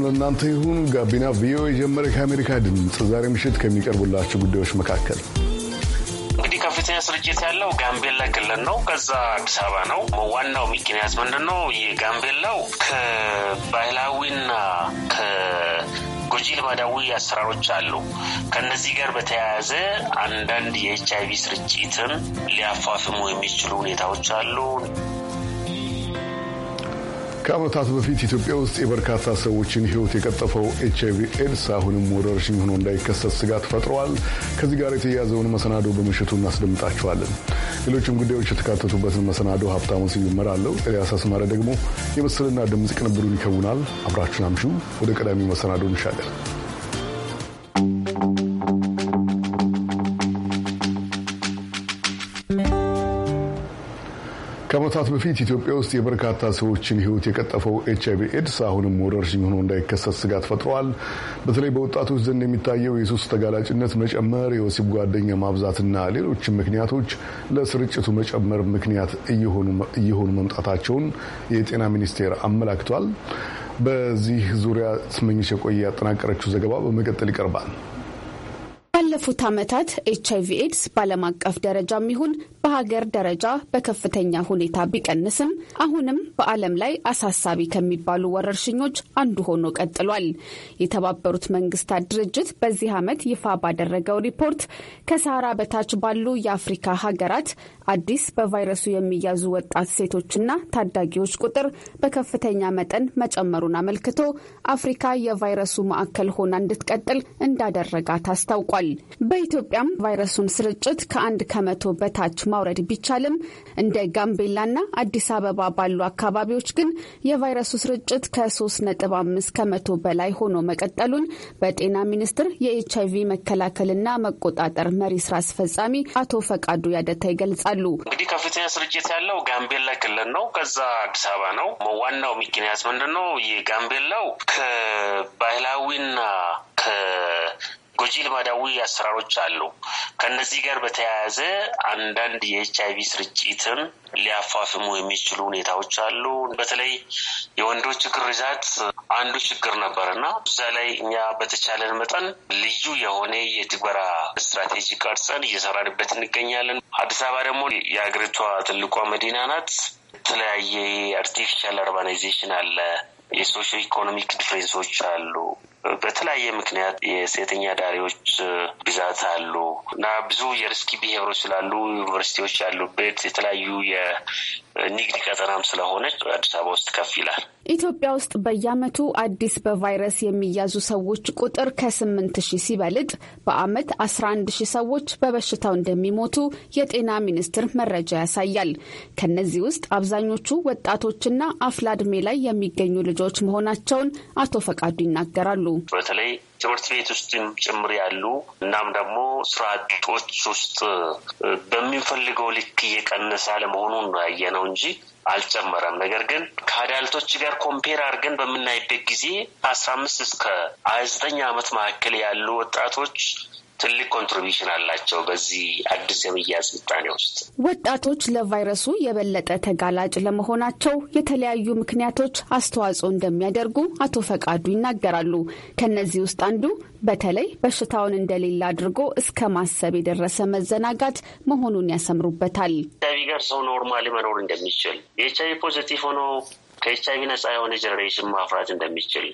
ሰላም ለእናንተ ይሁን። ጋቢና ቪኦኤ የጀመረ ከአሜሪካ ድምፅ ዛሬ ምሽት ከሚቀርቡላቸው ጉዳዮች መካከል እንግዲህ ከፍተኛ ስርጭት ያለው ጋምቤላ ክልል ነው። ከዛ አዲስ አበባ ነው። ዋናው ምክንያት ምንድን ነው? የጋምቤላው ከባህላዊና ጎጂ ልማዳዊ አሰራሮች አሉ። ከነዚህ ጋር በተያያዘ አንዳንድ የኤች አይቪ ስርጭትን ሊያፋፍሙ የሚችሉ ሁኔታዎች አሉ። ከዓመታት በፊት ኢትዮጵያ ውስጥ የበርካታ ሰዎችን ሕይወት የቀጠፈው ኤች አይቪ ኤድስ አሁንም ወረርሽኝ ሆኖ እንዳይከሰት ስጋት ፈጥረዋል። ከዚህ ጋር የተያያዘውን መሰናዶ በምሽቱ እናስደምጣችኋለን። ሌሎችም ጉዳዮች የተካተቱበትን መሰናዶ ሀብታሙ ሲመራለው፣ ኤልያስ አስማረ ደግሞ የምስልና ድምፅ ቅንብሩን ይከውናል። አብራችን አምሹ። ወደ ቀዳሚው መሰናዶ እንሻገር። ከዓመታት በፊት ኢትዮጵያ ውስጥ የበርካታ ሰዎችን ሕይወት የቀጠፈው ኤች አይቪ ኤድስ አሁንም ወረርሽኝ ሆኖ እንዳይከሰት ስጋት ፈጥረዋል። በተለይ በወጣቶች ዘንድ የሚታየው የሱስ ተጋላጭነት መጨመር፣ የወሲብ ጓደኛ ማብዛትና ሌሎችም ምክንያቶች ለስርጭቱ መጨመር ምክንያት እየሆኑ መምጣታቸውን የጤና ሚኒስቴር አመላክቷል። በዚህ ዙሪያ ስመኝሽ የቆየ ያጠናቀረችው ዘገባ በመቀጠል ይቀርባል። ባለፉት ዓመታት ኤች አይቪ ኤድስ በዓለም አቀፍ ደረጃም ይሁን በሀገር ደረጃ በከፍተኛ ሁኔታ ቢቀንስም አሁንም በዓለም ላይ አሳሳቢ ከሚባሉ ወረርሽኞች አንዱ ሆኖ ቀጥሏል። የተባበሩት መንግስታት ድርጅት በዚህ ዓመት ይፋ ባደረገው ሪፖርት ከሳህራ በታች ባሉ የአፍሪካ ሀገራት አዲስ በቫይረሱ የሚያዙ ወጣት ሴቶችና ታዳጊዎች ቁጥር በከፍተኛ መጠን መጨመሩን አመልክቶ አፍሪካ የቫይረሱ ማዕከል ሆና እንድትቀጥል እንዳደረጋት አስታውቋል። በኢትዮጵያም ቫይረሱን ስርጭት ከአንድ ከመቶ በታች ማውረድ ቢቻልም እንደ ጋምቤላና አዲስ አበባ ባሉ አካባቢዎች ግን የቫይረሱ ስርጭት ከ3.5 ከመቶ በላይ ሆኖ መቀጠሉን በጤና ሚኒስቴር የኤች ቪ መከላከልና መቆጣጠር መሪ ስራ አስፈጻሚ አቶ ፈቃዱ ያደታ ይገልጻሉ። እንግዲህ ከፍተኛ ስርጭት ያለው ጋምቤላ ክልል ነው። ከዛ አዲስ አበባ ነው። ዋናው ምክንያት ምንድን ነው? ይህ ጋምቤላው ከባህላዊና ጎጂ ልማዳዊ አሰራሮች አሉ። ከነዚህ ጋር በተያያዘ አንዳንድ የኤች አይቪ ስርጭትን ሊያፋፍሙ የሚችሉ ሁኔታዎች አሉ። በተለይ የወንዶች ግርዛት አንዱ ችግር ነበር እና እዛ ላይ እኛ በተቻለን መጠን ልዩ የሆነ የትግበራ ስትራቴጂ ቀርጸን እየሰራንበት እንገኛለን። አዲስ አበባ ደግሞ የሀገሪቷ ትልቋ መዲና ናት። የተለያየ አርቲፊሻል አርባናይዜሽን አለ። የሶሾ ኢኮኖሚክ ዲፍሬንሶች አሉ። በተለያየ ምክንያት የሴተኛ ዳሪዎች ብዛት አሉ እና ብዙ የሪስኪ ብሄሮች ስላሉ ዩኒቨርሲቲዎች ያሉበት የተለያዩ የንግድ ቀጠናም ስለሆነች አዲስ አበባ ውስጥ ከፍ ይላል። ኢትዮጵያ ውስጥ በየዓመቱ አዲስ በቫይረስ የሚያዙ ሰዎች ቁጥር ከስምንት ሺህ ሲበልጥ በዓመት አስራ አንድ ሺህ ሰዎች በበሽታው እንደሚሞቱ የጤና ሚኒስቴር መረጃ ያሳያል። ከነዚህ ውስጥ አብዛኞቹ ወጣቶችና አፍላ እድሜ ላይ የሚገኙ ልጆች መሆናቸውን አቶ ፈቃዱ ይናገራሉ። በተለይ ትምህርት ቤት ውስጥም ጭምር ያሉ እናም ደግሞ ስራ አጦች ውስጥ በሚፈልገው ልክ እየቀነሰ አለመሆኑን ያየ ነው እንጂ አልጨመረም። ነገር ግን ከአዳልቶች ጋር ኮምፔር አድርገን በምናይበት ጊዜ አስራ አምስት እስከ ሀያ ዘጠኝ ዓመት መካከል ያሉ ወጣቶች ትልቅ ኮንትሪቢሽን አላቸው በዚህ አዲስ የመያዝ ምጣኔ ውስጥ። ወጣቶች ለቫይረሱ የበለጠ ተጋላጭ ለመሆናቸው የተለያዩ ምክንያቶች አስተዋጽኦ እንደሚያደርጉ አቶ ፈቃዱ ይናገራሉ። ከነዚህ ውስጥ አንዱ በተለይ በሽታውን እንደሌለ አድርጎ እስከ ማሰብ የደረሰ መዘናጋት መሆኑን ያሰምሩበታል። ኤችአይቪ ጋር ሰው ኖርማሊ መኖር እንደሚችል የኤችአይቪ ፖዚቲቭ ሆኖ አይቪ ነጻ የሆነ ጀኔሬሽን ማፍራት እንደሚችል፣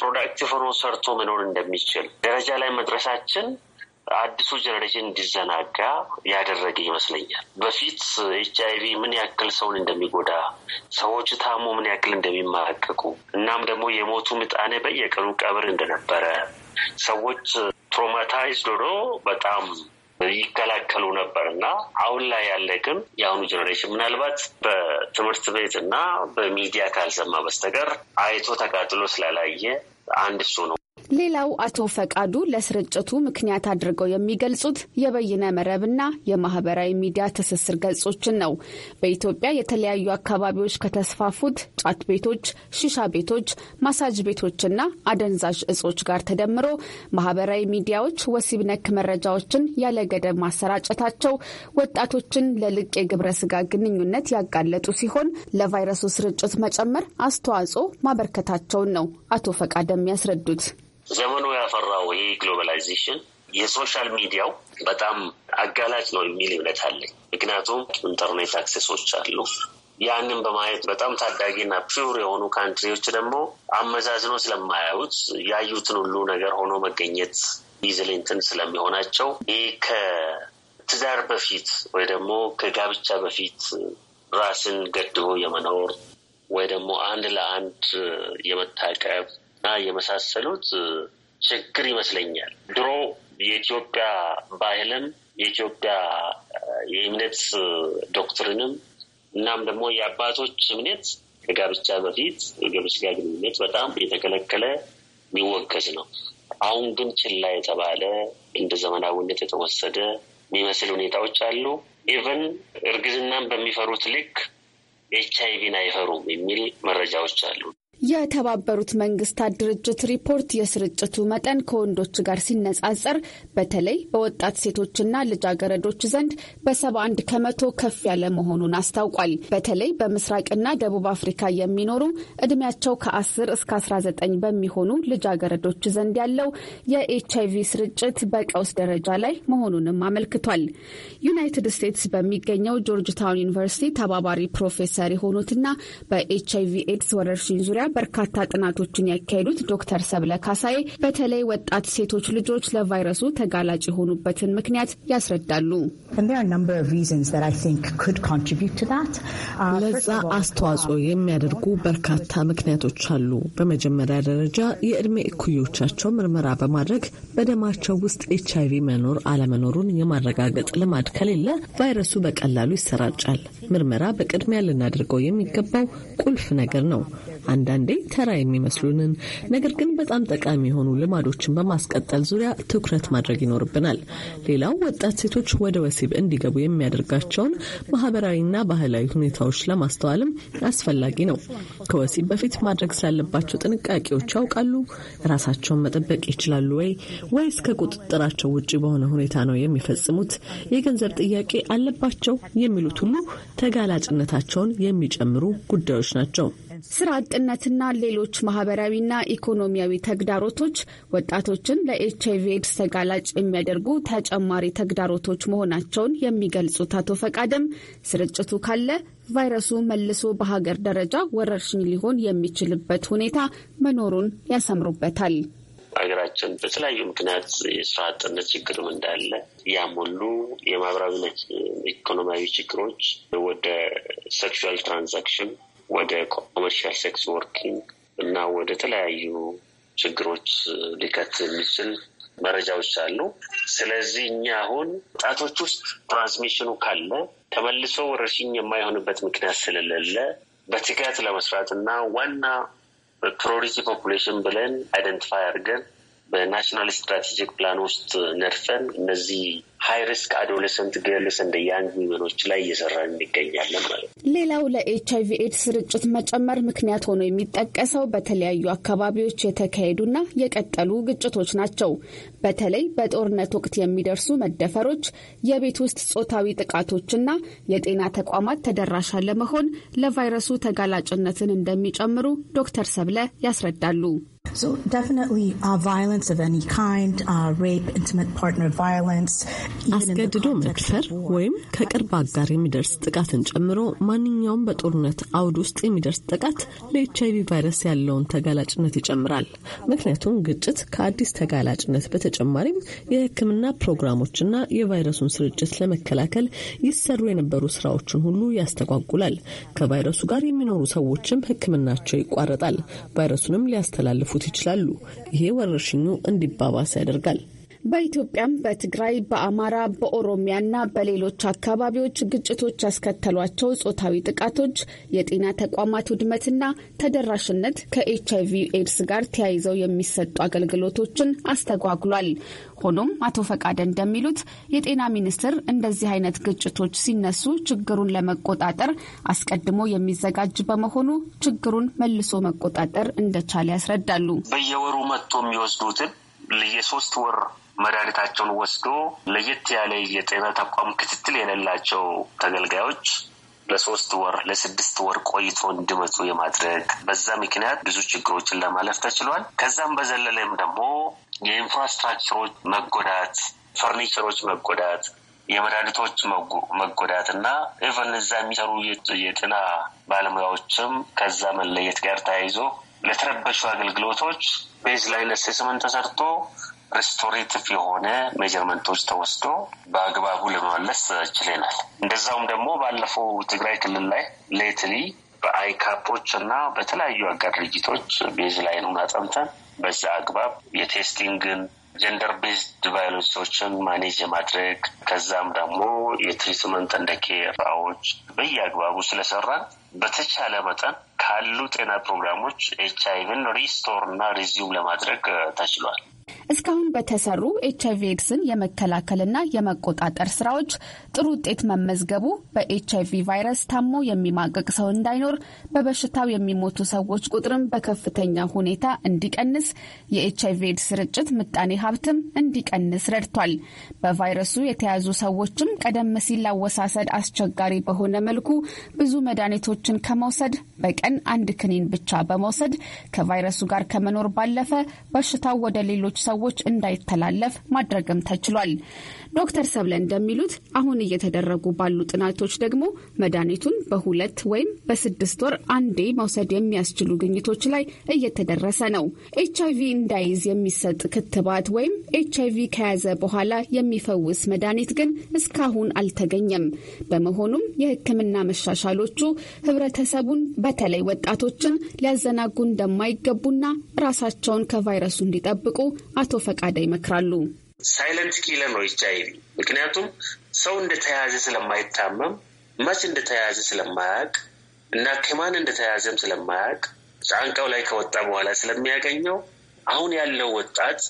ፕሮዳክቲቭ ሆኖ ሰርቶ መኖር እንደሚችል ደረጃ ላይ መድረሳችን አዲሱ ጀኔሬሽን እንዲዘናጋ ያደረገ ይመስለኛል። በፊት ኤች አይቪ ምን ያክል ሰውን እንደሚጎዳ፣ ሰዎች ታሞ ምን ያክል እንደሚማቀቁ እናም ደግሞ የሞቱ ምጣኔ በየቀኑ ቀብር እንደነበረ ሰዎች ትሮማታይዝድ ሆኖ በጣም ይከላከሉ ነበር እና አሁን ላይ ያለ ግን የአሁኑ ጀኔሬሽን ምናልባት በትምህርት ቤት እና በሚዲያ ካልሰማ በስተቀር አይቶ ተቃጥሎ ስላላየ አንድ እሱ ነው። ሌላው አቶ ፈቃዱ ለስርጭቱ ምክንያት አድርገው የሚገልጹት የበይነ መረብና የማህበራዊ ሚዲያ ትስስር ገጾችን ነው። በኢትዮጵያ የተለያዩ አካባቢዎች ከተስፋፉት ጫት ቤቶች፣ ሺሻ ቤቶች፣ ማሳጅ ቤቶችና አደንዛዥ እጾች ጋር ተደምሮ ማህበራዊ ሚዲያዎች ወሲብ ነክ መረጃዎችን ያለ ገደብ ማሰራጨታቸው ወጣቶችን ለልቅ የግብረ ስጋ ግንኙነት ያጋለጡ ሲሆን ለቫይረሱ ስርጭት መጨመር አስተዋጽኦ ማበርከታቸውን ነው አቶ ፈቃደ የሚያስረዱት። ዘመኑ ያፈራው ይህ ግሎባላይዜሽን የሶሻል ሚዲያው በጣም አጋላጭ ነው የሚል እምነት አለኝ። ምክንያቱም ኢንተርኔት አክሴሶች አሉ። ያንን በማየት በጣም ታዳጊና ፒውር የሆኑ ካንትሪዎች ደግሞ አመዛዝኖ ስለማያዩት ያዩትን ሁሉ ነገር ሆኖ መገኘት ኢዝሊንትን ስለሚሆናቸው ይህ ከትዳር በፊት ወይ ደግሞ ከጋብቻ በፊት ራስን ገድቦ የመኖር ወይ ደግሞ አንድ ለአንድ የመታቀብ እና የመሳሰሉት ችግር ይመስለኛል። ድሮ የኢትዮጵያ ባህልም የኢትዮጵያ የእምነት ዶክትሪንም እናም ደግሞ የአባቶች እምነት ከጋብቻ በፊት የስጋ ግንኙነት በጣም የተከለከለ የሚወገዝ ነው። አሁን ግን ችላ የተባለ እንደ ዘመናዊነት የተወሰደ የሚመስል ሁኔታዎች አሉ። ኢቨን እርግዝናን በሚፈሩት ልክ ኤች አይቪን አይፈሩም የሚል መረጃዎች አሉ። የተባበሩት መንግስታት ድርጅት ሪፖርት የስርጭቱ መጠን ከወንዶች ጋር ሲነጻጸር በተለይ በወጣት ሴቶችና ልጃገረዶች ዘንድ በ71 ከመቶ ከፍ ያለ መሆኑን አስታውቋል። በተለይ በምስራቅና ደቡብ አፍሪካ የሚኖሩ ዕድሜያቸው ከ10 እስከ 19 በሚሆኑ ልጃገረዶች ዘንድ ያለው የኤች አይቪ ስርጭት በቀውስ ደረጃ ላይ መሆኑንም አመልክቷል። ዩናይትድ ስቴትስ በሚገኘው ጆርጅ ታውን ዩኒቨርሲቲ ተባባሪ ፕሮፌሰር የሆኑትና በኤች አይቪ ኤድስ ወረርሽኝ ዙሪያ በርካታ ጥናቶችን ያካሄዱት ዶክተር ሰብለ ካሳዬ በተለይ ወጣት ሴቶች ልጆች ለቫይረሱ ተጋላጭ የሆኑበትን ምክንያት ያስረዳሉ። uh, ለዛ አስተዋጽኦ uh, የሚያደርጉ በርካታ ምክንያቶች አሉ። በመጀመሪያ ደረጃ የእድሜ እኩዮቻቸው ምርመራ በማድረግ በደማቸው ውስጥ ኤች አይቪ መኖር አለመኖሩን የማረጋገጥ ልማድ ከሌለ ቫይረሱ በቀላሉ ይሰራጫል። ምርመራ በቅድሚያ ልናደርገው የሚገባው ቁልፍ ነገር ነው። አንዳንዴ ተራ የሚመስሉንን ነገር ግን በጣም ጠቃሚ የሆኑ ልማዶችን በማስቀጠል ዙሪያ ትኩረት ማድረግ ይኖርብናል። ሌላው ወጣት ሴቶች ወደ ወሲብ እንዲገቡ የሚያደርጋቸውን ማህበራዊና ባህላዊ ሁኔታዎች ለማስተዋልም አስፈላጊ ነው። ከወሲብ በፊት ማድረግ ስላለባቸው ጥንቃቄዎች ያውቃሉ? ራሳቸውን መጠበቅ ይችላሉ ወይ? ወይስ ከቁጥጥራቸው ውጭ በሆነ ሁኔታ ነው የሚፈጽሙት? የገንዘብ ጥያቄ አለባቸው? የሚሉት ሁሉ ተጋላጭነታቸውን የሚጨምሩ ጉዳዮች ናቸው። ስራ አጥነትና ሌሎች ማህበራዊና ኢኮኖሚያዊ ተግዳሮቶች ወጣቶችን ለኤች አይቪ ኤድስ ተጋላጭ የሚያደርጉ ተጨማሪ ተግዳሮቶች መሆናቸውን የሚገልጹት አቶ ፈቃደም ስርጭቱ ካለ ቫይረሱ መልሶ በሀገር ደረጃ ወረርሽኝ ሊሆን የሚችልበት ሁኔታ መኖሩን ያሰምሩበታል። ሀገራችን በተለያዩ ምክንያት የስራ አጥነት ችግርም እንዳለ ያም ሁሉ የማህበራዊ ኢኮኖሚያዊ ችግሮች ወደ ሴክሹዋል ትራንዛክሽን ወደ ኮመርሻል ሴክስ ወርኪንግ እና ወደ ተለያዩ ችግሮች ሊከት የሚችል መረጃዎች አሉ። ስለዚህ እኛ አሁን ወጣቶች ውስጥ ትራንስሚሽኑ ካለ ተመልሶ ወረርሽኝ የማይሆንበት ምክንያት ስለሌለ በትጋት ለመስራት እና ዋና ፕሮሪቲ ፖፑሌሽን ብለን አይደንቲፋይ አድርገን በናሽናል ስትራቴጂክ ፕላን ውስጥ ነድፈን እነዚህ ሀይ ሪስክ አዶለሰንት ገርልስ እንደ ያንግ ዊመኖች ላይ እየሰራ እንገኛለን ማለት ነው። ሌላው ለኤች አይቪ ኤድስ ስርጭት መጨመር ምክንያት ሆኖ የሚጠቀሰው በተለያዩ አካባቢዎች የተካሄዱና የቀጠሉ ግጭቶች ናቸው። በተለይ በጦርነት ወቅት የሚደርሱ መደፈሮች፣ የቤት ውስጥ ጾታዊ ጥቃቶችና የጤና ተቋማት ተደራሽ ለመሆን ለቫይረሱ ተጋላጭነትን እንደሚጨምሩ ዶክተር ሰብለ ያስረዳሉ። So definitely uh, violence of any kind, uh, rape, intimate partner violence, አስገድዶ መድፈር ወይም ከቅርብ አጋር የሚደርስ ጥቃትን ጨምሮ ማንኛውም በጦርነት አውድ ውስጥ የሚደርስ ጥቃት ለኤች አይቪ ቫይረስ ያለውን ተጋላጭነት ይጨምራል። ምክንያቱም ግጭት ከአዲስ ተጋላጭነት በተጨማሪም የሕክምና ፕሮግራሞችና የቫይረሱን ስርጭት ለመከላከል ይሰሩ የነበሩ ስራዎችን ሁሉ ያስተጓጉላል። ከቫይረሱ ጋር የሚኖሩ ሰዎችም ሕክምናቸው ይቋረጣል። ቫይረሱንም ሊያስተላልፉት ይችላሉ። ይሄ ወረርሽኙ እንዲባባስ ያደርጋል። በኢትዮጵያም በትግራይ በአማራ በኦሮሚያና በሌሎች አካባቢዎች ግጭቶች ያስከተሏቸው ጾታዊ ጥቃቶች፣ የጤና ተቋማት ውድመትና ተደራሽነት ከኤች አይቪ ኤድስ ጋር ተያይዘው የሚሰጡ አገልግሎቶችን አስተጓጉሏል። ሆኖም አቶ ፈቃደ እንደሚሉት የጤና ሚኒስቴር እንደዚህ አይነት ግጭቶች ሲነሱ ችግሩን ለመቆጣጠር አስቀድሞ የሚዘጋጅ በመሆኑ ችግሩን መልሶ መቆጣጠር እንደቻለ ያስረዳሉ። በየወሩ መጥቶ የሚወስዱትን ለየሶስት ወር መድኃኒታቸውን ወስዶ ለየት ያለ የጤና ተቋም ክትትል የሌላቸው ተገልጋዮች ለሶስት ወር ለስድስት ወር ቆይቶ እንዲመጡ የማድረግ በዛ ምክንያት ብዙ ችግሮችን ለማለፍ ተችሏል። ከዛም በዘለለም ደግሞ የኢንፍራስትራክቸሮች መጎዳት፣ ፈርኒቸሮች መጎዳት፣ የመድኃኒቶች መጎዳት እና ኢቨን እዛ የሚሰሩ የጤና ባለሙያዎችም ከዛ መለየት ጋር ተያይዞ ለተረበሹ አገልግሎቶች ቤዝ ላይ ለሴስመንት ተሰርቶ ሬስቶሬቲቭ የሆነ ሜጀርመንቶች ተወስዶ በአግባቡ ለመመለስ ችለናል። እንደዛውም ደግሞ ባለፈው ትግራይ ክልል ላይ ሌትሊ በአይካፖች እና በተለያዩ አጋር ድርጅቶች ቤዝ ላይኑን አጠምተን በዛ አግባብ የቴስቲንግን ጀንደር ቤዝድ ቫይሎሶችን ማኔጅ የማድረግ ከዛም ደግሞ የትሪትመንት እንደ ኬራዎች በየአግባቡ ስለሰራን በተቻለ መጠን ካሉ ጤና ፕሮግራሞች ኤች አይቪን ሪስቶር እና ሪዚዩም ለማድረግ ተችሏል። እስካሁን በተሰሩ ኤች አይቪ ኤድስን የመከላከልና የመቆጣጠር ስራዎች ጥሩ ውጤት መመዝገቡ በኤች አይቪ ቫይረስ ታሞ የሚማቀቅ ሰው እንዳይኖር፣ በበሽታው የሚሞቱ ሰዎች ቁጥርም በከፍተኛ ሁኔታ እንዲቀንስ፣ የኤች አይቪ ኤድስ ስርጭት ምጣኔ ሀብትም እንዲቀንስ ረድቷል። በቫይረሱ የተያዙ ሰዎችም ቀደም ሲል ላወሳሰድ አስቸጋሪ በሆነ መልኩ ብዙ መድኃኒቶችን ከመውሰድ በቀን አንድ ክኒን ብቻ በመውሰድ ከቫይረሱ ጋር ከመኖር ባለፈ በሽታው ወደ ሌሎች ሰዎች እንዳይተላለፍ ማድረግም ተችሏል። ዶክተር ሰብለ እንደሚሉት አሁን እየተደረጉ ባሉ ጥናቶች ደግሞ መድኃኒቱን በሁለት ወይም በስድስት ወር አንዴ መውሰድ የሚያስችሉ ግኝቶች ላይ እየተደረሰ ነው። ኤች አይቪ እንዳይዝ የሚሰጥ ክትባት ወይም ኤች ቪ ከያዘ በኋላ የሚፈውስ መድኃኒት ግን እስካሁን አልተገኘም። በመሆኑም የሕክምና መሻሻሎቹ ህብረተሰቡን በተለይ ወጣቶችን ሊያዘናጉ እንደማይገቡና ራሳቸውን ከቫይረሱ እንዲጠብቁ አቶ ፈቃደ ይመክራሉ። ሳይለንት ኪለር ነው ኤች ምክንያቱም ሰው እንደተያያዘ ስለማይታመም መች እንደተያያዘ ስለማያውቅ እና ከማን እንደተያያዘም ስለማያውቅ ጫንቃው ላይ ከወጣ በኋላ ስለሚያገኘው አሁን ያለው ወጣት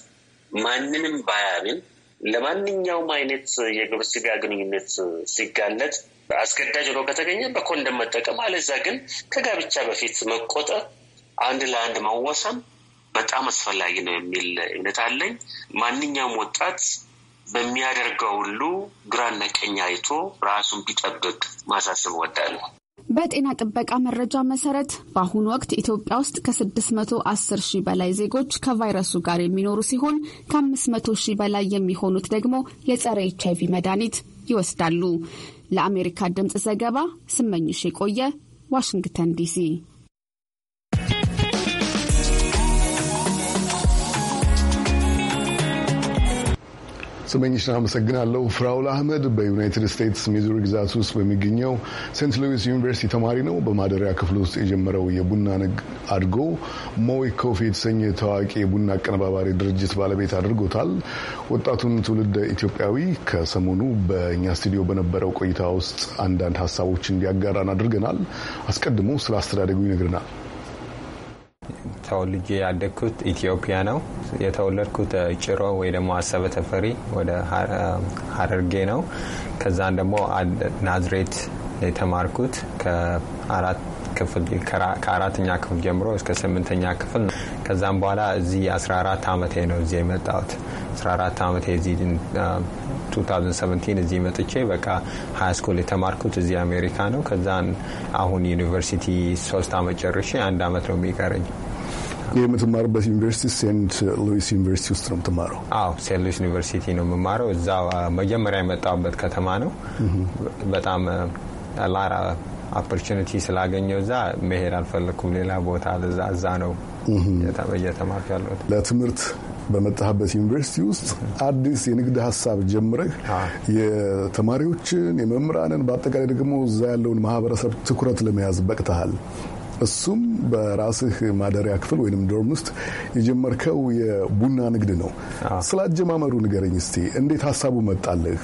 ማንንም ባያምን ለማንኛውም አይነት የግብረ ስጋ ግንኙነት ሲጋለጥ አስገዳጅ ሆኖ ከተገኘ በኮንደም መጠቀም፣ አለዛ ግን ከጋብቻ በፊት መቆጠር አንድ ለአንድ መወሰን በጣም አስፈላጊ ነው የሚል እምነት አለኝ። ማንኛውም ወጣት በሚያደርገው ሁሉ ግራና ቀኝ አይቶ ራሱን ቢጠብቅ ማሳሰብ ወዳለሁ። በጤና ጥበቃ መረጃ መሰረት በአሁኑ ወቅት ኢትዮጵያ ውስጥ ከ610 ሺህ በላይ ዜጎች ከቫይረሱ ጋር የሚኖሩ ሲሆን ከ500 ሺህ በላይ የሚሆኑት ደግሞ የጸረ ኤች አይቪ መድኃኒት ይወስዳሉ። ለአሜሪካ ድምፅ ዘገባ ስመኝሽ የቆየ ዋሽንግተን ዲሲ። ስመኝሽን አመሰግናለሁ። ፍራውል አህመድ በዩናይትድ ስቴትስ ሚዙሪ ግዛት ውስጥ በሚገኘው ሴንት ሉዊስ ዩኒቨርሲቲ ተማሪ ነው። በማደሪያ ክፍል ውስጥ የጀመረው የቡና ንግድ አድጎ ሞዊ ኮፊ የተሰኘ ታዋቂ የቡና አቀነባባሪ ድርጅት ባለቤት አድርጎታል። ወጣቱን ትውልድ ኢትዮጵያዊ ከሰሞኑ በእኛ ስቱዲዮ በነበረው ቆይታ ውስጥ አንዳንድ ሀሳቦች እንዲያጋራን አድርገናል። አስቀድሞ ስለ አስተዳደጉ ይነግርናል። ተወልጄ ያደግኩት ኢትዮጵያ ነው። የተወለድኩት ጭሮ ወይ ደግሞ አሰበ ተፈሪ ወደ ሀረርጌ ነው። ከዛን ደግሞ ናዝሬት የተማርኩት ከአራት ክፍል ከአራተኛ ክፍል ጀምሮ እስከ ስምንተኛ ክፍል ነው። ከዛም በኋላ እዚህ 14 ዓመቴ ነው እዚህ የመጣሁት። 14 ዓመቴ እዚህ 2017 እዚህ መጥቼ በቃ ሃይስኩል የተማርኩት እዚህ አሜሪካ ነው። ከዛን አሁን ዩኒቨርሲቲ ሶስት ዓመት ጨርሼ አንድ ዓመት ነው የሚቀረኝ። የምትማርበት ዩኒቨርሲቲ ሴንት ሉዊስ ዩኒቨርሲቲ ውስጥ ነው የምትማረው? አዎ ሴንት ሉዊስ ዩኒቨርሲቲ ነው የምማረው። እዛ መጀመሪያ የመጣሁበት ከተማ ነው። በጣም ላራ ኦፖርቹኒቲ ስላገኘው እዛ መሄድ አልፈለግኩም። ሌላ ቦታ ለዛ እዛ ነው እየተማርኩ ያለሁት። ለትምህርት በመጣህበት ዩኒቨርሲቲ ውስጥ አዲስ የንግድ ሀሳብ ጀምረህ የተማሪዎችን የመምህራንን፣ በአጠቃላይ ደግሞ እዛ ያለውን ማህበረሰብ ትኩረት ለመያዝ በቅተሃል። እሱም በራስህ ማደሪያ ክፍል ወይም ዶርም ውስጥ የጀመርከው የቡና ንግድ ነው። ስለ አጀማመሩ ንገረኝ እስቲ፣ እንዴት ሀሳቡ መጣልህ?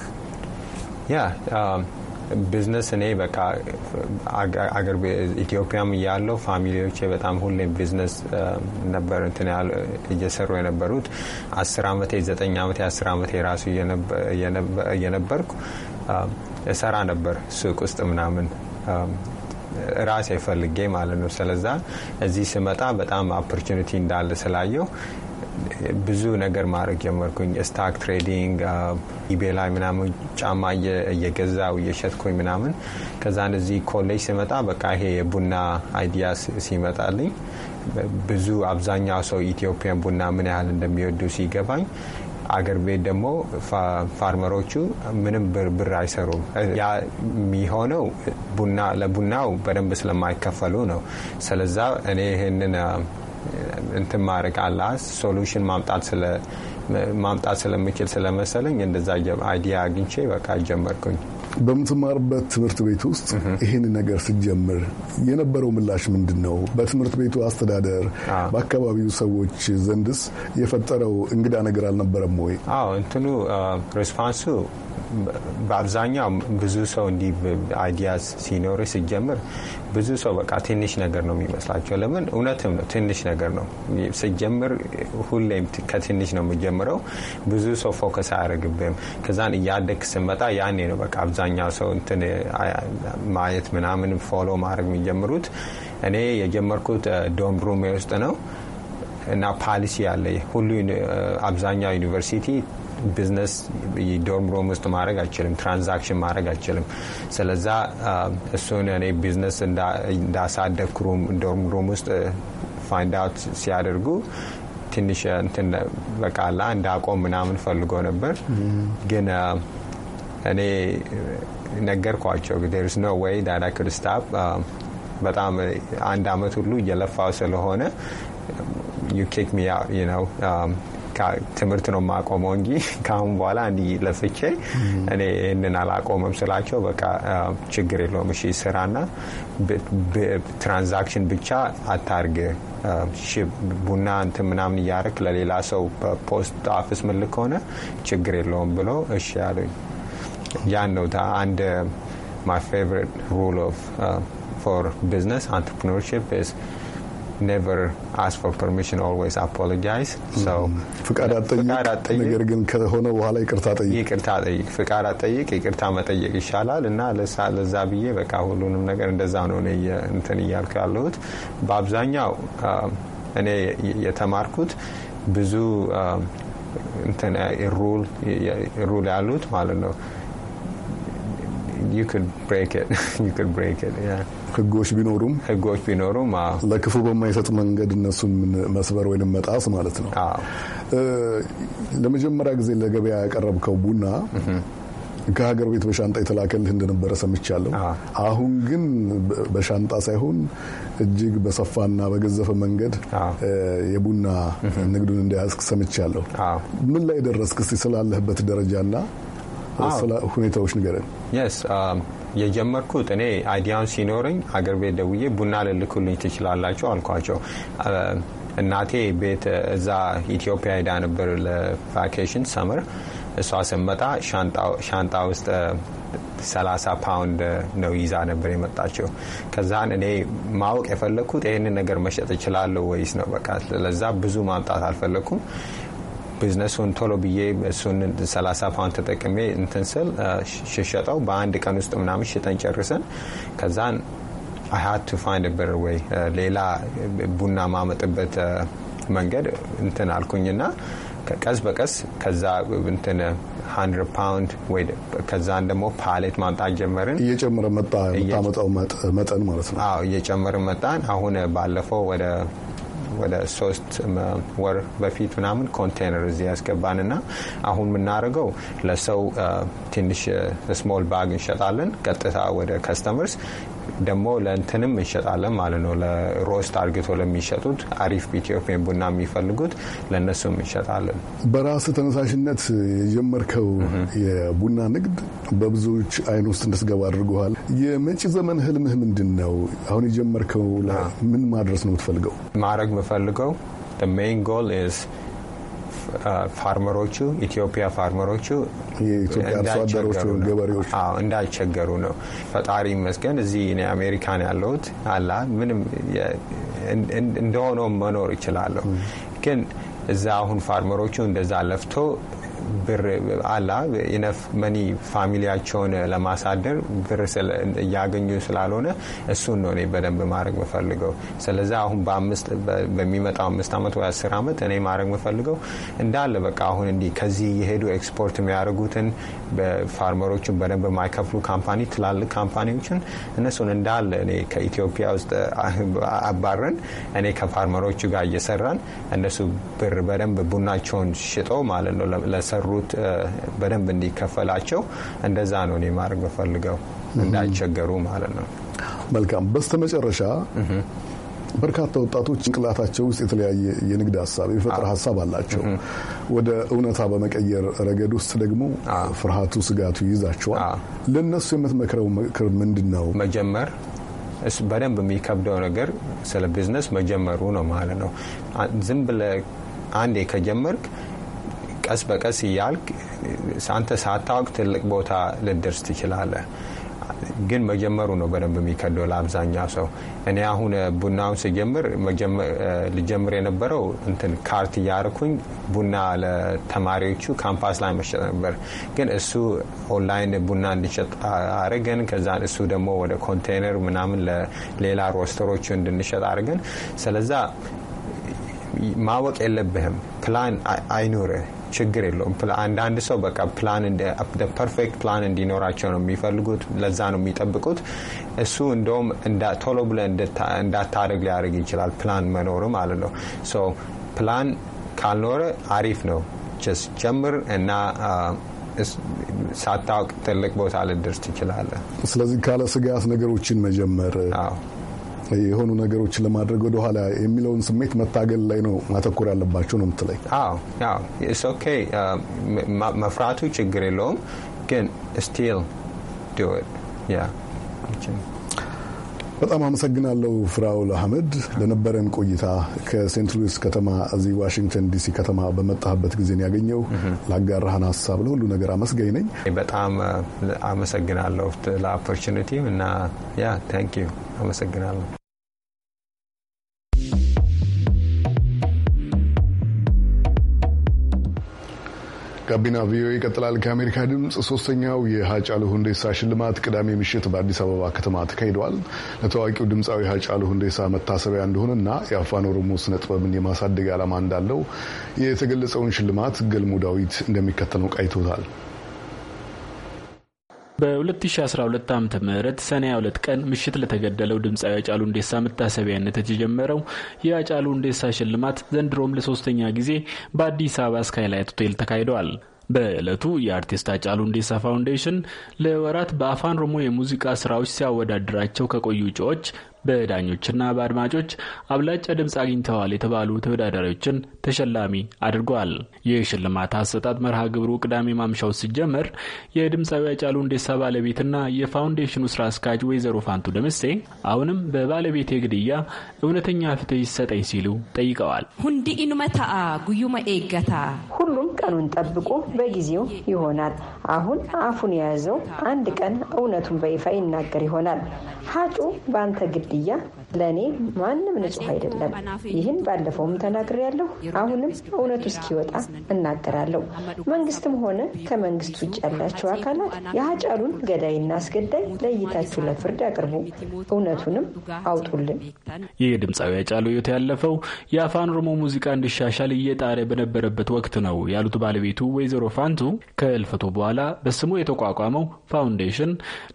ቢዝነስ እኔ በቃ አገር ኢትዮጵያም ያለው ፋሚሊዎቼ በጣም ሁሌም ቢዝነስ ነበር እንትን ያህል እየሰሩ የነበሩት አስር ዓመቴ ዘጠኝ ዓመቴ አስር ዓመቴ ራሱ እየነበርኩ እሰራ ነበር ሱቅ ውስጥ ምናምን ራሴ ፈልጌ ማለት ነው። ስለዛ እዚህ ስመጣ በጣም ኦፖርቹኒቲ እንዳለ ስላየው ብዙ ነገር ማድረግ ጀመርኩኝ። ስታክ ትሬዲንግ ኢቤ ላይ ምናምን ጫማ እየገዛው እየሸጥኩኝ ምናምን። ከዛ እዚህ ኮሌጅ ስመጣ በቃ ይሄ የቡና አይዲያ ሲመጣልኝ ብዙ አብዛኛው ሰው ኢትዮጵያን ቡና ምን ያህል እንደሚወዱ ሲገባኝ አገር ቤት ደግሞ ፋርመሮቹ ምንም ብር አይሰሩም። ያ የሚሆነው ቡና ለቡናው በደንብ ስለማይከፈሉ ነው። ስለዛ እኔ ይህንን እንትን ማድረግ አለ ሶሉሽን ማምጣት ስለምችል ስለመሰለኝ እንደዛ አይዲያ አግኝቼ በቃ ጀመርኩኝ። በምትማርበት ትምህርት ቤት ውስጥ ይህን ነገር ስትጀምር የነበረው ምላሽ ምንድን ነው? በትምህርት ቤቱ አስተዳደር፣ በአካባቢው ሰዎች ዘንድስ የፈጠረው እንግዳ ነገር አልነበረም ወይ? አዎ እንትኑ ሬስፖንሱ በአብዛኛው ብዙ ሰው እንዲህ አይዲያ ሲኖር ሲጀምር ብዙ ሰው በቃ ትንሽ ነገር ነው የሚመስላቸው። ለምን እውነትም ነው ትንሽ ነገር ነው። ስጀምር ሁሌም ከትንሽ ነው የምጀምረው። ብዙ ሰው ፎከስ አያደርግብም። ከዛን እያደግ ስመጣ ያኔ ነው በቃ አብዛኛው ሰው እንትን ማየት ምናምን ፎሎ ማድረግ የሚጀምሩት እኔ የጀመርኩት ዶምሩም ውስጥ ነው እና ፓሊሲ አለ ሁሉ አብዛኛው ዩኒቨርሲቲ ቢዝነስ ዶርም ሮም ውስጥ ማድረግ አይችልም፣ ትራንዛክሽን ማድረግ አይችልም። ስለዛ እሱን እኔ ቢዝነስ እንዳሳደግ ዶርም ሮም ውስጥ ፋይንድ አውት ሲያደርጉ ትንሽ በቃላ እንዳቆም ምናምን ፈልጎ ነበር ግን እኔ ነገርኳቸው ኖ ወይ ዳዳ ክድስታፕ በጣም አንድ አመት ሁሉ እየለፋው ስለሆነ ዩ ኬክ ሚ ነው ትምህርት ነው የማቆመው እንጂ ካሁን በኋላ እንዲ ለፍቼ hmm. እኔ ይህንን አላቆመም ስላቸው፣ በቃ um, ችግር የለውም እሺ ስራ ና ትራንዛክሽን ብቻ አታርግ፣ um, ቡና እንትን ምናምን እያረክ ለሌላ ሰው ፖስት ኦፊስ ምልክ ሆነ ችግር የለውም ብሎ እሺ አሉኝ። ያን ነው አንድ ማይ ፌቨሪት ሩል ኦፍ ፎር ቢዝነስ አንትርፕሪነርሺፕ ስ ኔቨር አስ ፎር ፐርሚሽን ኦልዌይስ አፖሎጃይዝ ፍቃድ አጠይቅ፣ ነገር ግን ከሆነ በኋላ ይቅርታ ጠይቅ። ይቅርታ ጠይቅ፣ ፍቃድ አጠይቅ፣ ይቅርታ መጠየቅ ይሻላል እና ለዛ ብዬ በቃ ሁሉንም ነገር እንደዛ ነው ነ እንትን እያልኩ ያለሁት። በአብዛኛው uh, እኔ የተማርኩት ብዙ uh, uh, ሩል ያሉት ማለት ነው ህጎች ቢኖሩም ህጎች ቢኖሩም ለክፉ በማይሰጥ መንገድ እነሱን መስበር ወይም መጣስ ማለት ነው። ለመጀመሪያ ጊዜ ለገበያ ያቀረብከው ቡና ከሀገር ቤት በሻንጣ የተላከልህ እንደነበረ ሰምቻለሁ። አሁን ግን በሻንጣ ሳይሆን እጅግ በሰፋና በገዘፈ መንገድ የቡና ንግዱን እንዳያስክ ሰምቻለሁ። ምን ላይ ደረስክ? ስላለህበት ደረጃና ስለ ሁኔታዎች ንገረን። የስ um, የጀመርኩት እኔ አይዲያውን ሲኖረኝ አገር ቤት ደውዬ ቡና ልልኩልኝ ትችላላቸው አልኳቸው። uh, እናቴ ቤት እዛ ኢትዮጵያ ሄዳ ነበር ለቫኬሽን ሰምር። እሷ ስመጣ ሻንጣ ውስጥ 30 ፓውንድ ነው ይዛ ነበር የመጣቸው። ከዛን እኔ ማወቅ የፈለግኩት ይህንን ነገር መሸጥ እችላለሁ ወይስ ነው። በቃ ለዛ ብዙ ማምጣት አልፈለግኩም። ቢዝነሱን ቶሎ ብዬ እሱን 30 ፓውንድ ተጠቅሜ እንትን ስል ሽሸጠው በአንድ ቀን ውስጥ ምናምን ሽጠን ጨርሰን ከዛን አይ ሀድ ቱ ፋይንድ ብር ወይ ሌላ ቡና ማመጥበት መንገድ እንትን አልኩኝና ቀስ በቀስ ከዛ እንትን ሀንድረድ ፓውንድ ወይ ከዛን ደግሞ ፓሌት ማምጣት ጀመርን። እየጨመረ መጣ፣ የምታመጣው መጠን ማለት ነው። አዎ መጣን። አሁን ባለፈው ወደ ወደ ሶስት ወር በፊት ምናምን ኮንቴነር እዚህ ና አሁን የምናደርገው ለሰው ትንሽ ስሞል ባግ እንሸጣለን። ቀጥታ ወደ ከስተመርስ ደግሞ ለእንትንም እንሸጣለን ማለት ነው። ለሮስት አርግቶ ለሚሸጡት አሪፍ ኢትዮጵያ ቡና የሚፈልጉት ለእነሱም እንሸጣለን። በራስ ተነሳሽነት የጀመርከው የቡና ንግድ በብዙዎች አይን ውስጥ እንድትገባ አድርገዋል። የመጪ ዘመን ህልምህ ምንድን ነው? አሁን የጀመርከው ምን ማድረስ ነው የምትፈልገው? ማድረግ የምፈልገው ሜን ጎል ፋርመሮቹ ኢትዮጵያ ፋርመሮቹ እንዳልቸገሩ ነው። ፈጣሪ ይመስገን እዚህ እኔ አሜሪካን ያለሁት አላ ምንም እንደሆነው መኖር ይችላለሁ። ግን እዛ አሁን ፋርመሮቹ እንደዛ ለፍቶ ብር አላ ኢነፍ መኒ ፋሚሊያቸውን ለማሳደር ብር እያገኙ ስላልሆነ እሱን ነው እኔ በደንብ ማድረግ የምፈልገው። ስለዚ አሁን በሚመጣው አምስት ዓመት ወይ አስር ዓመት እኔ ማድረግ የምፈልገው እንዳለ በቃ አሁን እንዲህ ከዚህ የሄዱ ኤክስፖርት የሚያደርጉትን ፋርመሮችን በደንብ የማይከፍሉ ካምፓኒ ትላልቅ ካምፓኒዎችን እነሱን እንዳለ እኔ ከኢትዮጵያ ውስጥ አባረን እኔ ከፋርመሮቹ ጋር እየሰራን እነሱ ብር በደንብ ቡናቸውን ሽጠው ማለት ነው የሰሩት በደንብ እንዲከፈላቸው እንደዛ ነው እኔ ማድረግ በፈልገው እንዳይቸገሩ ማለት ነው። መልካም። በስተመጨረሻ በርካታ ወጣቶች ጭንቅላታቸው ውስጥ የተለያየ የንግድ ሀሳብ የፈጠራ ሀሳብ አላቸው። ወደ እውነታ በመቀየር ረገድ ውስጥ ደግሞ ፍርሃቱ፣ ስጋቱ ይይዛቸዋል። ለእነሱ የምትመክረው ምክር ምንድን ነው? መጀመር በደንብ የሚከብደው ነገር ስለ ቢዝነስ መጀመሩ ነው ማለት ነው። ዝም ብለህ አንዴ ከጀመርክ ቀስ በቀስ እያልክ አንተ ሳታውቅ ትልቅ ቦታ ልደርስ ትችላለህ። ግን መጀመሩ ነው በደንብ የሚከደው ለአብዛኛው ሰው። እኔ አሁን ቡናውን ስጀምር ልጀምር የነበረው እንትን ካርት እያርኩኝ ቡና ለተማሪዎቹ ካምፓስ ላይ መሸጥ ነበር። ግን እሱ ኦንላይን ቡና እንዲሸጥ አድርገን ከዛ እሱ ደግሞ ወደ ኮንቴነር ምናምን ለሌላ ሮስተሮቹ እንድንሸጥ አድርገን ስለዛ ማወቅ የለብህም ፕላን አይኑርህ ችግር የለውም። አንድ ሰው በቃ ፕላን ፐርፌክት ፕላን እንዲኖራቸው ነው የሚፈልጉት፣ ለዛ ነው የሚጠብቁት። እሱ እንደውም ቶሎ ብለ እንዳታደርግ ሊያደርግ ይችላል፣ ፕላን መኖሩ ማለት ነው። ፕላን ካልኖረ አሪፍ ነው። ጀምር እና ሳታውቅ ትልቅ ቦታ ልደርስ ትችላለህ። ስለዚህ ካለ ስጋት ነገሮችን መጀመር የሆኑ ነገሮችን ለማድረግ ወደኋላ የሚለውን ስሜት መታገል ላይ ነው ማተኮር ያለባቸው ነው የምትለኝ? Uh, መፍራቱ ችግር የለውም ግን ስቲል በጣም አመሰግናለሁ ፍራውል አህመድ ለነበረን ቆይታ ከሴንት ሉዊስ ከተማ እዚህ ዋሽንግተን ዲሲ ከተማ በመጣህበት ጊዜ ያገኘው ለአጋራህን ሀሳብ ለሁሉ ነገር አመስጋኝ ነኝ። በጣም uh, አመሰግናለሁ ለኦፖርቹኒቲ እና ያ ታንክ ዩ አመሰግናለሁ። ጋቢና ቪኦኤ ይቀጥላል። ከአሜሪካ ድምፅ ሶስተኛው የሀጫሉ ሁንዴሳ ሽልማት ቅዳሜ ምሽት በአዲስ አበባ ከተማ ተካሂደዋል። ለታዋቂው ድምፃዊ ሀጫሉ ሁንዴሳ መታሰቢያ እንደሆነና የአፋን ኦሮሞ ስነ ጥበብን የማሳደግ ዓላማ እንዳለው የተገለጸውን ሽልማት ገልሞ ዳዊት እንደሚከተለው ቃይቶታል። በ2012 ዓ ም ሰኔ 22 ቀን ምሽት ለተገደለው ድምፃዊ አጫሉ እንዴሳ መታሰቢያነት የተጀመረው የአጫሉ እንዴሳ ሽልማት ዘንድሮም ለሶስተኛ ጊዜ በአዲስ አበባ ስካይላይት ሆቴል ተካሂደዋል። በዕለቱ የአርቲስት አጫሉ እንዴሳ ፋውንዴሽን ለወራት በአፋን ሮሞ የሙዚቃ ስራዎች ሲያወዳድራቸው ከቆዩ እጩዎች በዳኞችና በአድማጮች አብላጫ ድምፅ አግኝተዋል የተባሉ ተወዳዳሪዎችን ተሸላሚ አድርጓል። የሽልማት አሰጣጥ መርሃ ግብሩ ቅዳሜ ማምሻው ሲጀመር የድምፃዊ ሃጫሉ ሁንዴሳ ባለቤትና የፋውንዴሽኑ ስራ አስኪያጅ ወይዘሮ ፋንቱ ደምሴ አሁንም በባለቤቴ ግድያ እውነተኛ ፍትህ ይሰጠኝ ሲሉ ጠይቀዋል። ሁንዲ ኢኑመታአ ጉዩመ ኤገታ ሁሉም ቀኑን ጠብቆ በጊዜው ይሆናል። አሁን አፉን የያዘው አንድ ቀን እውነቱን በይፋ ይናገር ይሆናል። ሀጩ በአንተ ግድ ግድያ ለእኔ ማንም ንጹህ አይደለም። ይህን ባለፈውም ተናግሬያለሁ። አሁንም እውነቱ እስኪወጣ እናገራለሁ። መንግስትም ሆነ ከመንግስት ውጭ ያላቸው አካላት የሀጫሉን ገዳይና አስገዳይ ለይታችሁ ለፍርድ አቅርቡ፣ እውነቱንም አውጡልን። ይህ ድምፃዊ ሃጫሉ ሕይወት ያለፈው የአፋን ኦሮሞ ሙዚቃ እንዲሻሻል እየጣረ በነበረበት ወቅት ነው ያሉት ባለቤቱ ወይዘሮ ፋንቱ ከእልፈቱ በኋላ በስሙ የተቋቋመው ፋውንዴሽን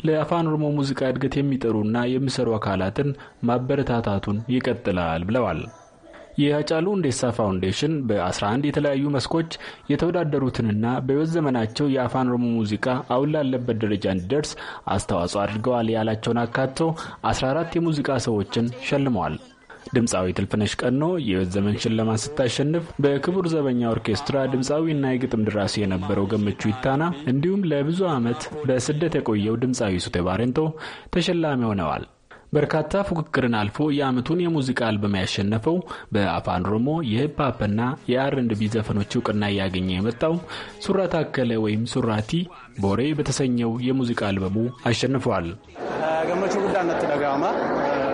ለአፋን ኦሮሞ ሙዚቃ እድገት የሚጠሩና የሚሰሩ አካላትን እንዲጀምር ማበረታታቱን ይቀጥላል ብለዋል። የሃጫሉ ሁንዴሳ ፋውንዴሽን በ11 የተለያዩ መስኮች የተወዳደሩትንና በሕይወት ዘመናቸው የአፋን ኦሮሞ ሙዚቃ አሁን ላለበት ደረጃ እንዲደርስ አስተዋጽኦ አድርገዋል ያላቸውን አካቶ 14 የሙዚቃ ሰዎችን ሸልመዋል። ድምፃዊ ትልፍነሽ ቀኖ የሕይወት ዘመን ሽልማት ስታሸንፍ በክቡር ዘበኛ ኦርኬስትራ ድምፃዊና የግጥም ደራሲ የነበረው ገመቹ ይታና እንዲሁም ለብዙ ዓመት በስደት የቆየው ድምፃዊ ሱቴ ባሬንቶ ተሸላሚ ሆነዋል። በርካታ ፉክክርን አልፎ የአመቱን የሙዚቃ አልበም ያሸነፈው በአፋን ኦሮሞ የሂፕሆፕና የአርንድቢ ዘፈኖች እውቅና እያገኘ የመጣው ሱራ ታከለ ወይም ሱራቲ ቦሬ በተሰኘው የሙዚቃ አልበሙ አሸንፈዋል።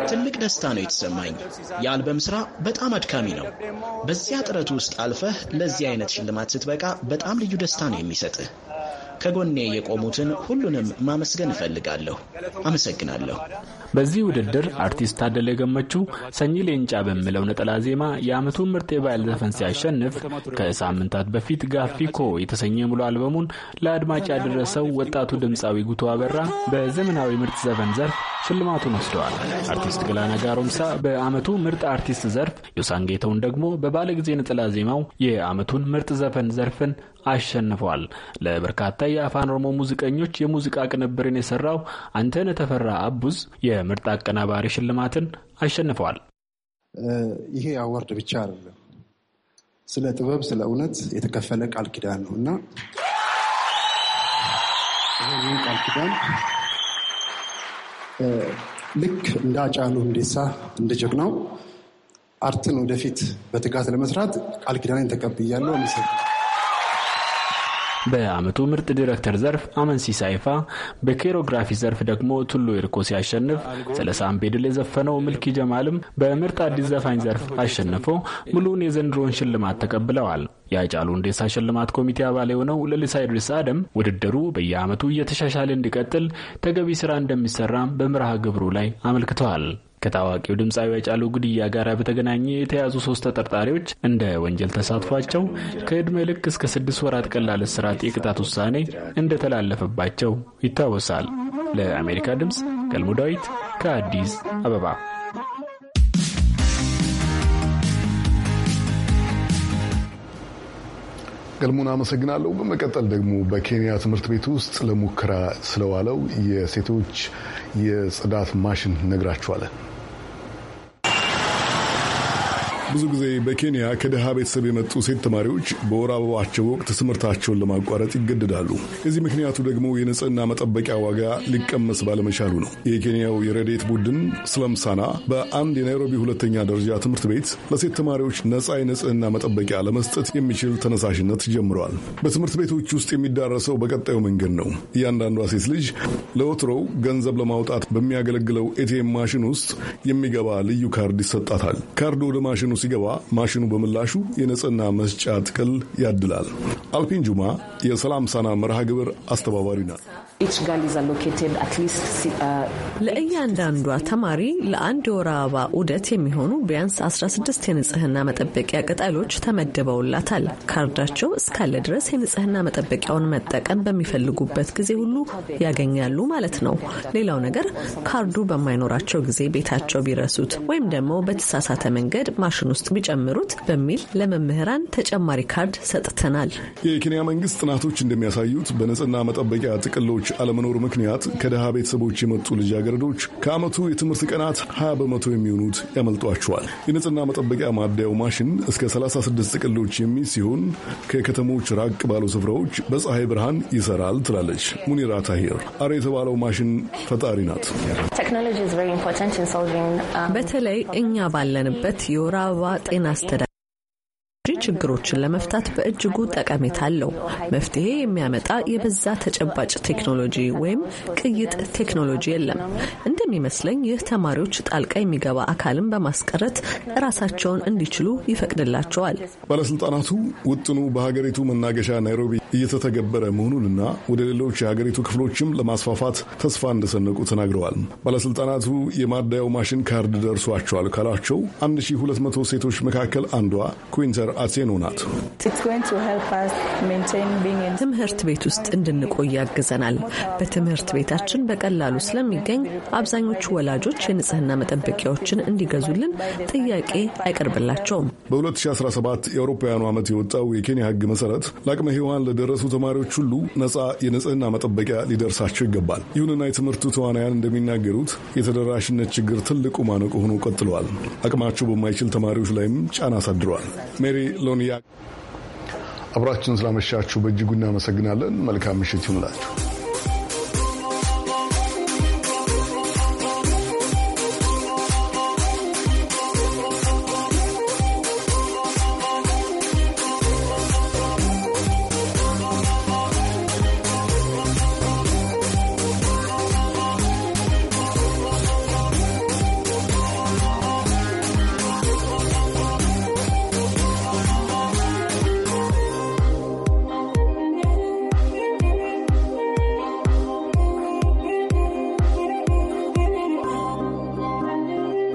ትልቅ ደስታ ነው የተሰማኝ። የአልበም ስራ በጣም አድካሚ ነው። በዚያ ጥረት ውስጥ አልፈህ ለዚህ አይነት ሽልማት ስትበቃ በጣም ልዩ ደስታ ነው የሚሰጥህ። ከጎኔ የቆሙትን ሁሉንም ማመስገን እፈልጋለሁ። አመሰግናለሁ። በዚህ ውድድር አርቲስት ታደለ ገመቹ ሰኚ ሌንጫ በሚለው ነጠላ ዜማ የዓመቱን ምርጥ የባህል ዘፈን ሲያሸንፍ ከሳምንታት በፊት ጋፊኮ የተሰኘ ሙሉ አልበሙን ለአድማጭ ያደረሰው ወጣቱ ድምፃዊ ጉቶ አበራ በዘመናዊ ምርጥ ዘፈን ዘርፍ ሽልማቱን ወስደዋል። አርቲስት ገላና ጋሮምሳ በዓመቱ ምርጥ አርቲስት ዘርፍ፣ ዮሳንጌተውን ደግሞ በባለጊዜ ነጠላ ዜማው የዓመቱን ምርጥ ዘፈን ዘርፍን አሸንፏል። ለበርካታ የአፋን ኦሮሞ ሙዚቀኞች የሙዚቃ ቅንብርን የሰራው አንተነህ ተፈራ አቡዝ የምርጥ አቀናባሪ ሽልማትን አሸንፈዋል። ይሄ አዋርድ ብቻ አይደለም፣ ስለ ጥበብ፣ ስለ እውነት የተከፈለ ቃል ኪዳን ነው እና ቃል ኪዳን ልክ እንደ አጫሉ ሁንዴሳ እንደ ጀግናው አርትን ወደፊት በትጋት ለመስራት ቃል ኪዳን ተቀብያለሁ። በአመቱ ምርጥ ዲሬክተር ዘርፍ አመንሲ ሳይፋ፣ በኬሮግራፊ ዘርፍ ደግሞ ቱሉ ኤርኮ ሲያሸንፍ፣ ስለ ሳምቤድል የዘፈነው ምልኪ ጀማልም በምርጥ አዲስ ዘፋኝ ዘርፍ አሸንፎ ሙሉውን የዘንድሮን ሽልማት ተቀብለዋል። የአጫሉ ሁንዴሳ ሽልማት ኮሚቴ አባል የሆነው ለሊሳ ኢድሪስ አደም ውድድሩ በየአመቱ እየተሻሻለ እንዲቀጥል ተገቢ ስራ እንደሚሰራ በመርሃ ግብሩ ላይ አመልክተዋል። ከታዋቂው ድምፃዊ ሃጫሉ ግድያ ጋር በተገናኘ የተያዙ ሶስት ተጠርጣሪዎች እንደ ወንጀል ተሳትፏቸው ከዕድሜ ልክ እስከ ስድስት ወራት ቀላል እስራት የቅጣት ውሳኔ እንደተላለፈባቸው ይታወሳል። ለአሜሪካ ድምፅ ገልሞ ዳዊት ከአዲስ አበባ። ገልሙን አመሰግናለሁ። በመቀጠል ደግሞ በኬንያ ትምህርት ቤት ውስጥ ለሙከራ ስለዋለው የሴቶች የጽዳት ማሽን ነግራችኋለን። ብዙ ጊዜ በኬንያ ከድሃ ቤተሰብ የመጡ ሴት ተማሪዎች በወር አበባቸው ወቅት ትምህርታቸውን ለማቋረጥ ይገደዳሉ። የዚህ ምክንያቱ ደግሞ የንጽህና መጠበቂያ ዋጋ ሊቀመስ ባለመቻሉ ነው። የኬንያው የረዴት ቡድን ስለምሳና በአንድ የናይሮቢ ሁለተኛ ደረጃ ትምህርት ቤት ለሴት ተማሪዎች ነጻ የንጽህና መጠበቂያ ለመስጠት የሚችል ተነሳሽነት ጀምረዋል። በትምህርት ቤቶች ውስጥ የሚዳረሰው በቀጣዩ መንገድ ነው። እያንዳንዷ ሴት ልጅ ለወትሮው ገንዘብ ለማውጣት በሚያገለግለው ኤቲኤም ማሽን ውስጥ የሚገባ ልዩ ካርድ ይሰጣታል። ካርዱ ወደ ማሽኑ ሲገባ ማሽኑ በምላሹ የንጽህና መስጫ ጥቅል ያድላል። አልፒን ጁማ የሰላም ሳና መርሃ ግብር አስተባባሪ ናት። uh, ለእያንዳንዷ ተማሪ ለአንድ የወር አበባ ዑደት የሚሆኑ ቢያንስ 16 የንጽህና መጠበቂያ ቅጠሎች ተመድበውላታል። ካርዳቸው እስካለ ድረስ የንጽህና መጠበቂያውን መጠቀም በሚፈልጉበት ጊዜ ሁሉ ያገኛሉ ማለት ነው። ሌላው ነገር ካርዱ በማይኖራቸው ጊዜ ቤታቸው ቢረሱት ወይም ደግሞ በተሳሳተ መንገድ ማሽኑ ውስጥ ቢጨምሩት በሚል ለመምህራን ተጨማሪ ካርድ ሰጥተናል። የኬንያ መንግስት ጥናቶች እንደሚያሳዩት በንጽህና መጠበቂያ ጥቅሎች አለመኖር ምክንያት ከድሃ ቤተሰቦች የመጡ ልጃገረዶች ከዓመቱ የትምህርት ቀናት 20 በመቶ የሚሆኑት ያመልጧቸዋል። የንጽህና መጠበቂያ ማደያው ማሽን እስከ 36 ጥቅሎች የሚል ሲሆን ከከተሞች ራቅ ባሉ ስፍራዎች በፀሐይ ብርሃን ይሰራል ትላለች ሙኒራ ታሂር። አር የተባለው ማሽን ፈጣሪ ናት። um, በተለይ እኛ ባለንበት የወር አበባ ጤና አስተዳደር ችግሮችን ለመፍታት በእጅጉ ጠቀሜታ አለው። መፍትሄ የሚያመጣ የበዛ ተጨባጭ ቴክኖሎጂ ወይም ቅይጥ ቴክኖሎጂ የለም። እንደሚመስለኝ ይህ ተማሪዎች ጣልቃ የሚገባ አካልን በማስቀረት ራሳቸውን እንዲችሉ ይፈቅድላቸዋል። ባለስልጣናቱ ውጥኑ በሀገሪቱ መናገሻ ናይሮቢ እየተተገበረ መሆኑንና ወደ ሌሎች የሀገሪቱ ክፍሎችም ለማስፋፋት ተስፋ እንደሰነቁ ተናግረዋል። ባለስልጣናቱ የማደያው ማሽን ካርድ ደርሷቸዋል ካሏቸው 1200 ሴቶች መካከል አንዷ ኩንተር አሴኖ ናት። ትምህርት ቤት ውስጥ እንድንቆይ ያግዘናል። በትምህርት ቤታችን በቀላሉ ስለሚገኝ አብዛኞቹ ወላጆች የንጽህና መጠበቂያዎችን እንዲገዙልን ጥያቄ አይቀርብላቸውም። በ2017 የአውሮፓውያኑ ዓመት የወጣው የኬንያ ሕግ መሰረት ለአቅመ ሔዋን ለደረሱ ተማሪዎች ሁሉ ነጻ የንጽህና መጠበቂያ ሊደርሳቸው ይገባል። ይሁንና የትምህርቱ ተዋናያን እንደሚናገሩት የተደራሽነት ችግር ትልቁ ማነቆ ሆኖ ቀጥለዋል። አቅማቸው በማይችል ተማሪዎች ላይም ጫና አሳድረዋል። ሜሪ ሎኒያ አብራችን ስላመሻችሁ በእጅጉ እናመሰግናለን። መልካም ምሽት ይሁንላችሁ።